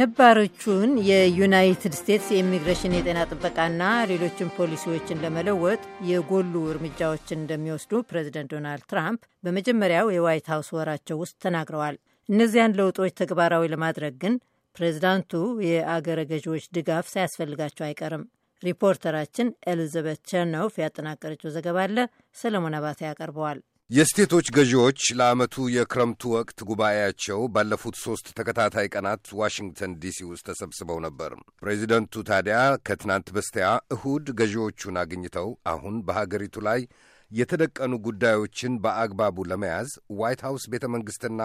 ነባሮቹን የዩናይትድ ስቴትስ የኢሚግሬሽን የጤና ጥበቃና ሌሎችን ፖሊሲዎችን ለመለወጥ የጎሉ እርምጃዎችን እንደሚወስዱ ፕሬዚደንት ዶናልድ ትራምፕ በመጀመሪያው የዋይት ሀውስ ወራቸው ውስጥ ተናግረዋል። እነዚያን ለውጦች ተግባራዊ ለማድረግ ግን ፕሬዚዳንቱ የአገረ ገዢዎች ድጋፍ ሳያስፈልጋቸው አይቀርም። ሪፖርተራችን ኤሊዛቤት ቸርኖፍ ያጠናቀረችው ዘገባ አለ። ሰለሞን አባተ ያቀርበዋል። የስቴቶች ገዢዎች ለዓመቱ የክረምቱ ወቅት ጉባኤያቸው ባለፉት ሦስት ተከታታይ ቀናት ዋሽንግተን ዲሲ ውስጥ ተሰብስበው ነበር። ፕሬዚደንቱ ታዲያ ከትናንት በስቲያ እሁድ ገዢዎቹን አግኝተው አሁን በሀገሪቱ ላይ የተደቀኑ ጉዳዮችን በአግባቡ ለመያዝ ዋይት ሐውስ ቤተ መንግሥትና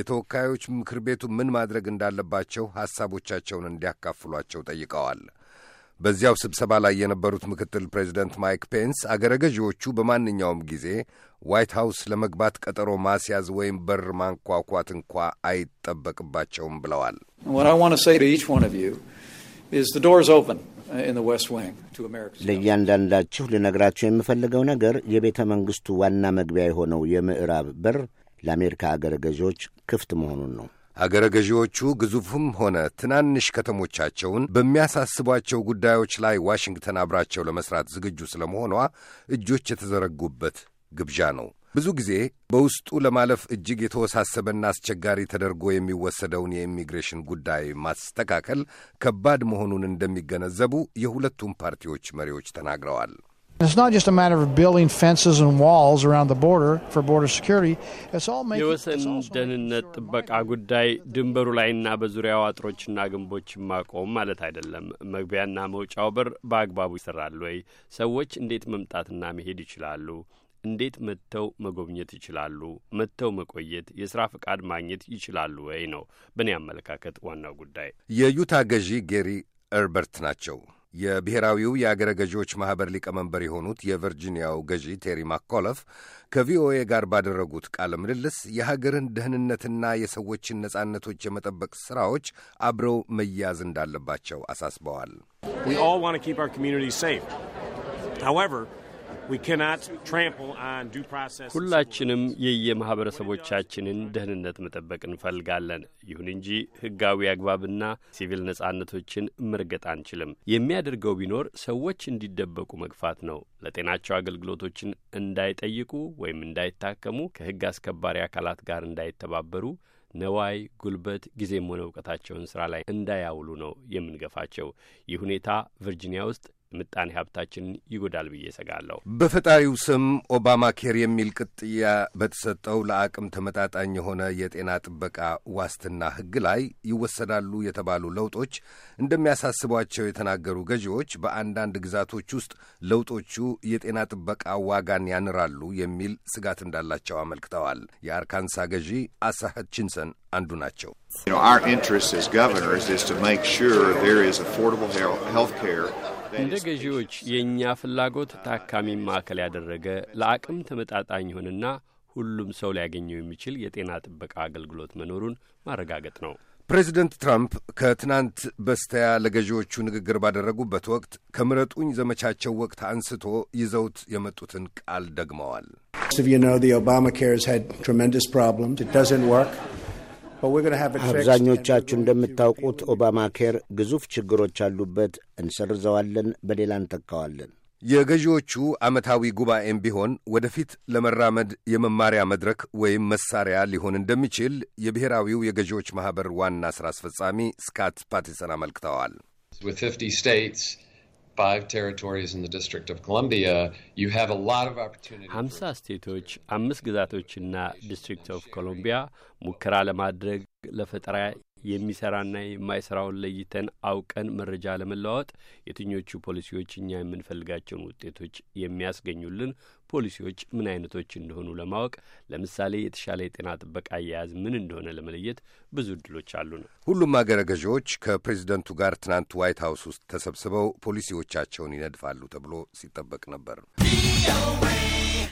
የተወካዮች ምክር ቤቱ ምን ማድረግ እንዳለባቸው ሐሳቦቻቸውን እንዲያካፍሏቸው ጠይቀዋል። በዚያው ስብሰባ ላይ የነበሩት ምክትል ፕሬዚደንት ማይክ ፔንስ አገረ ገዢዎቹ በማንኛውም ጊዜ ዋይት ሃውስ ለመግባት ቀጠሮ ማስያዝ ወይም በር ማንኳኳት እንኳ አይጠበቅባቸውም ብለዋል። uh, ለእያንዳንዳችሁ ልነግራችሁ የምፈልገው ነገር የቤተ መንግሥቱ ዋና መግቢያ የሆነው የምዕራብ በር ለአሜሪካ አገረ ገዢዎች ክፍት መሆኑን ነው። አገረ ገዢዎቹ ግዙፍም ሆነ ትናንሽ ከተሞቻቸውን በሚያሳስቧቸው ጉዳዮች ላይ ዋሽንግተን አብራቸው ለመስራት ዝግጁ ስለመሆኗ እጆች የተዘረጉበት ግብዣ ነው። ብዙ ጊዜ በውስጡ ለማለፍ እጅግ የተወሳሰበና አስቸጋሪ ተደርጎ የሚወሰደውን የኢሚግሬሽን ጉዳይ ማስተካከል ከባድ መሆኑን እንደሚገነዘቡ የሁለቱም ፓርቲዎች መሪዎች ተናግረዋል። It's not just a matter of building fences and walls around the border for border security. It's all making የወሰን ደህንነት ጥበቃ ጉዳይ ድንበሩ ላይና በዙሪያው አጥሮችና ግንቦች ማቆም ማለት አይደለም። መግቢያና መውጫው በር በአግባቡ ይሰራል ወይ? ሰዎች እንዴት መምጣትና መሄድ ይችላሉ? እንዴት መጥተው መጎብኘት ይችላሉ? መጥተው መቆየት፣ የሥራ ፈቃድ ማግኘት ይችላሉ ወይ ነው በእኔ አመለካከት ዋናው ጉዳይ። የዩታ ገዢ ጌሪ እርበርት ናቸው። የብሔራዊው የአገረ ገዢዎች ማኅበር ሊቀመንበር የሆኑት የቨርጂኒያው ገዢ ቴሪ ማኮለፍ ከቪኦኤ ጋር ባደረጉት ቃለ ምልልስ የሀገርን ደህንነትና የሰዎችን ነጻነቶች የመጠበቅ ሥራዎች አብረው መያዝ እንዳለባቸው አሳስበዋል። ሁላችንም የየማህበረሰቦቻችንን ደህንነት መጠበቅ እንፈልጋለን። ይሁን እንጂ ህጋዊ አግባብና ሲቪል ነጻነቶችን መርገጥ አንችልም። የሚያደርገው ቢኖር ሰዎች እንዲደበቁ መግፋት ነው። ለጤናቸው አገልግሎቶችን እንዳይጠይቁ ወይም እንዳይታከሙ ከህግ አስከባሪ አካላት ጋር እንዳይተባበሩ ነዋይ፣ ጉልበት፣ ጊዜም ሆነ እውቀታቸውን ስራ ላይ እንዳያውሉ ነው የምንገፋቸው። ይህ ሁኔታ ቨርጂኒያ ውስጥ ምጣኔ ሀብታችንን ይጎዳል ብዬ ሰጋለሁ። በፈጣሪው ስም ኦባማ ኬር የሚል ቅጥያ በተሰጠው ለአቅም ተመጣጣኝ የሆነ የጤና ጥበቃ ዋስትና ሕግ ላይ ይወሰዳሉ የተባሉ ለውጦች እንደሚያሳስቧቸው የተናገሩ ገዢዎች በአንዳንድ ግዛቶች ውስጥ ለውጦቹ የጤና ጥበቃ ዋጋን ያንራሉ የሚል ስጋት እንዳላቸው አመልክተዋል። የአርካንሳ ገዢ አሳ ሀችንሰን አንዱ ናቸው። Our interest as governors is to make sure there is affordable health care እንደ ገዢዎች የእኛ ፍላጎት ታካሚን ማዕከል ያደረገ ለአቅም ተመጣጣኝ ይሆንና ሁሉም ሰው ሊያገኘው የሚችል የጤና ጥበቃ አገልግሎት መኖሩን ማረጋገጥ ነው። ፕሬዚደንት ትራምፕ ከትናንት በስተያ ለገዢዎቹ ንግግር ባደረጉበት ወቅት ከምረጡኝ ዘመቻቸው ወቅት አንስቶ ይዘውት የመጡትን ቃል ደግመዋል። አብዛኞቻችሁ እንደምታውቁት ኦባማ ኬር ግዙፍ ችግሮች ያሉበት፣ እንሰርዘዋለን፣ በሌላ እንተካዋለን። የገዢዎቹ ዓመታዊ ጉባኤም ቢሆን ወደፊት ለመራመድ የመማሪያ መድረክ ወይም መሳሪያ ሊሆን እንደሚችል የብሔራዊው የገዢዎች ማኅበር ዋና ሥራ አስፈጻሚ ስካት ፓቲሰን አመልክተዋል። five territories in the District of Columbia, you have a lot of opportunity. ሀምሳ ስቴቶች አምስት ግዛቶችና ዲስትሪክት ኦፍ ኮሎምቢያ ሙከራ ለማድረግ ለፈጠራ የሚሰራና የማይሰራውን ለይተን አውቀን መረጃ ለመለዋወጥ የትኞቹ ፖሊሲዎች እኛ የምንፈልጋቸውን ውጤቶች የሚያስገኙልን ፖሊሲዎች ምን አይነቶች እንደሆኑ ለማወቅ ለምሳሌ የተሻለ የጤና ጥበቃ አያያዝ ምን እንደሆነ ለመለየት ብዙ እድሎች አሉን። ሁሉም አገረ ገዢዎች ከፕሬዚደንቱ ጋር ትናንት ዋይት ሀውስ ውስጥ ተሰብስበው ፖሊሲዎቻቸውን ይነድፋሉ ተብሎ ሲጠበቅ ነበር።